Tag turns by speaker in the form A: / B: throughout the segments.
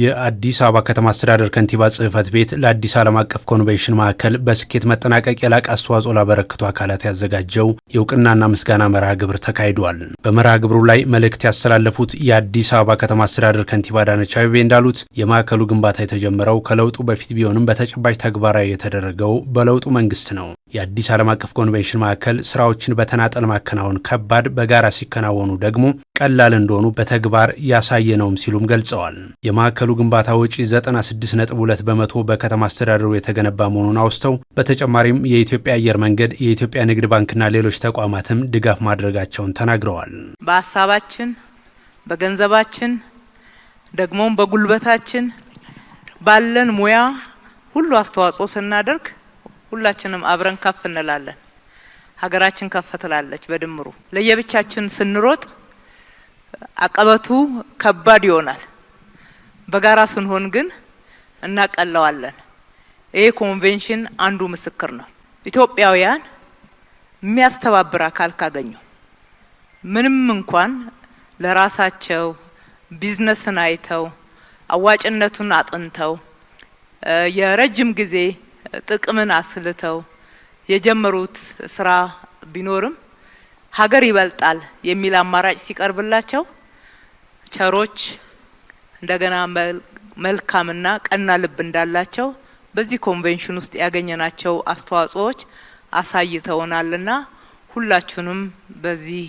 A: የአዲስ አበባ ከተማ አስተዳደር ከንቲባ ጽህፈት ቤት ለአዲስ ዓለም አቀፍ ኮንቬንሽን ማዕከል በስኬት መጠናቀቅ የላቅ አስተዋጽኦ ላበረክቱ አካላት ያዘጋጀው የእውቅናና ምስጋና መርሃ ግብር ተካሂዷል። በመርሃ ግብሩ ላይ መልእክት ያስተላለፉት የአዲስ አበባ ከተማ አስተዳደር ከንቲባ አዳነች አቤቤ እንዳሉት የማዕከሉ ግንባታ የተጀመረው ከለውጡ በፊት ቢሆንም በተጨባጭ ተግባራዊ የተደረገው በለውጡ መንግስት ነው። የአዲስ ዓለም አቀፍ ኮንቬንሽን ማዕከል ስራዎችን በተናጠል ማከናወን ከባድ፣ በጋራ ሲከናወኑ ደግሞ ቀላል እንደሆኑ በተግባር ያሳየ ነውም ሲሉም ገልጸዋል። የማዕከሉ ግንባታ ወጪ 96.2 በመቶ በከተማ አስተዳደሩ የተገነባ መሆኑን አውስተው በተጨማሪም የኢትዮጵያ አየር መንገድ፣ የኢትዮጵያ ንግድ ባንክና ሌሎች ተቋማትም ድጋፍ ማድረጋቸውን ተናግረዋል።
B: በሀሳባችን፣ በገንዘባችን ደግሞም በጉልበታችን ባለን ሙያ ሁሉ አስተዋጽኦ ስናደርግ ሁላችንም አብረን ከፍ እንላለን። ሀገራችን ከፍ ትላለች። በድምሩ ለየብቻችን ስንሮጥ አቀበቱ ከባድ ይሆናል። በጋራ ስንሆን ግን እናቀለዋለን። ይህ ኮንቬንሽን አንዱ ምስክር ነው። ኢትዮጵያውያን የሚያስተባብር አካል ካገኙ ምንም እንኳን ለራሳቸው ቢዝነስን አይተው አዋጭነቱን አጥንተው የረጅም ጊዜ ጥቅምን አስልተው የጀመሩት ስራ ቢኖርም ሀገር ይበልጣል የሚል አማራጭ ሲቀርብላቸው ቸሮች እንደገና መልካምና ቀና ልብ እንዳላቸው በዚህ ኮንቬንሽን ውስጥ ያገኘናቸው አስተዋጽኦዎች አሳይተውናልና ሁላችሁንም በዚህ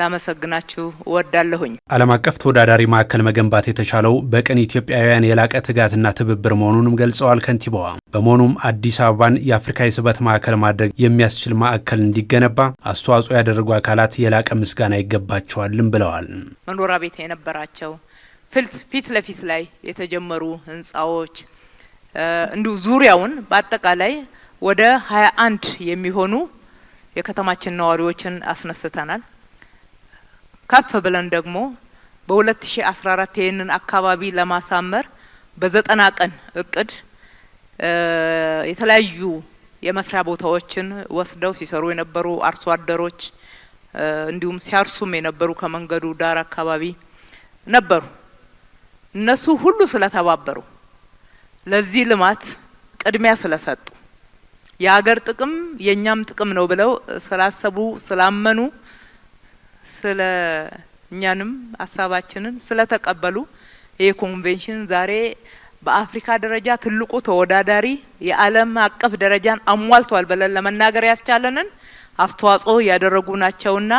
B: ላመሰግናችሁ እወዳለሁኝ።
A: ዓለም አቀፍ ተወዳዳሪ ማዕከል መገንባት የተቻለው በቅን ኢትዮጵያውያን የላቀ ትጋትና ትብብር መሆኑንም ገልጸዋል ከንቲባዋ። በመሆኑም አዲስ አበባን የአፍሪካ የስበት ማዕከል ማድረግ የሚያስችል ማዕከል እንዲገነባ አስተዋጽኦ ያደረጉ አካላት የላቀ ምስጋና ይገባቸዋልም ብለዋል።
B: መኖሪያ ቤት የነበራቸው ፊት ለፊት ላይ የተጀመሩ ህንፃዎች እንዲሁ ዙሪያውን በአጠቃላይ ወደ ሀያ አንድ የሚሆኑ የከተማችን ነዋሪዎችን አስነስተናል። ከፍ ብለን ደግሞ በ2014 ይህንን አካባቢ ለማሳመር በዘጠና ቀን እቅድ የተለያዩ የመስሪያ ቦታዎችን ወስደው ሲሰሩ የነበሩ አርሶ አደሮች እንዲሁም ሲያርሱም የነበሩ ከመንገዱ ዳር አካባቢ ነበሩ። እነሱ ሁሉ ስለተባበሩ ለዚህ ልማት ቅድሚያ ስለሰጡ የሀገር ጥቅም የእኛም ጥቅም ነው ብለው ስላሰቡ ስላመኑ ስለ እኛንም ሀሳባችንን ስለተቀበሉ ይህ ኮንቬንሽን ዛሬ በአፍሪካ ደረጃ ትልቁ ተወዳዳሪ የዓለም አቀፍ ደረጃን አሟልቷል ብለን ለመናገር ያስቻለንን አስተዋጽኦ ያደረጉ ናቸውና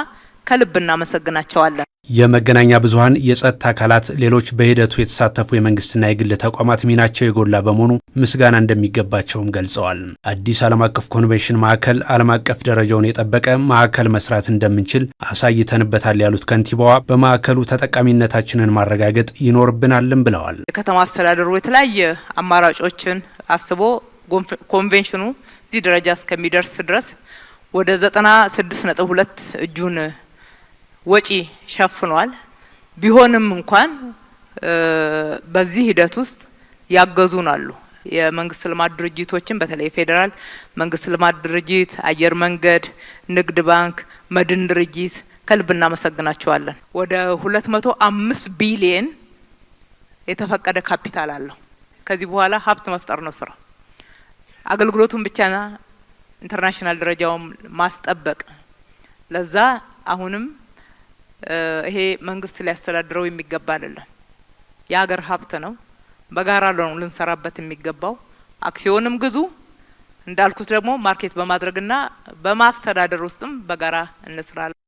B: ከልብ እናመሰግናቸዋለን።
A: የመገናኛ ብዙኃን የጸጥታ አካላት ሌሎች በሂደቱ የተሳተፉ የመንግስትና የግል ተቋማት ሚናቸው የጎላ በመሆኑ ምስጋና እንደሚገባቸውም ገልጸዋል። አዲስ ዓለም አቀፍ ኮንቬንሽን ማዕከል ዓለም አቀፍ ደረጃውን የጠበቀ ማዕከል መስራት እንደምንችል አሳይተንበታል ያሉት ከንቲባዋ በማዕከሉ ተጠቃሚነታችንን ማረጋገጥ ይኖርብናልም ብለዋል።
B: የከተማ አስተዳደሩ የተለያየ አማራጮችን አስቦ ኮንቬንሽኑ እዚህ ደረጃ እስከሚደርስ ድረስ ወደ ዘጠና ስድስት ነጥብ ሁለት እጁን ወጪ ሸፍኗል። ቢሆንም እንኳን በዚህ ሂደት ውስጥ ያገዙን አሉ። የመንግስት ልማት ድርጅቶችን በተለይ ፌዴራል መንግስት ልማት ድርጅት፣ አየር መንገድ፣ ንግድ ባንክ፣ መድን ድርጅት ከልብ እናመሰግናቸዋለን። ወደ ሁለት መቶ አምስት ቢሊየን የተፈቀደ ካፒታል አለው። ከዚህ በኋላ ሀብት መፍጠር ነው ስራ አገልግሎቱን ብቻ ኢንተርናሽናል ደረጃውም ማስጠበቅ ለዛ አሁንም ይሄ መንግስት ሊያስተዳድረው የሚገባ አይደለም። የሀገር ሀብት ነው። በጋራ ነው ልንሰራበት የሚገባው። አክሲዮንም ግዙ እንዳልኩት ደግሞ ማርኬት በማድረግና በማስተዳደር ውስጥም በጋራ እንስራለን።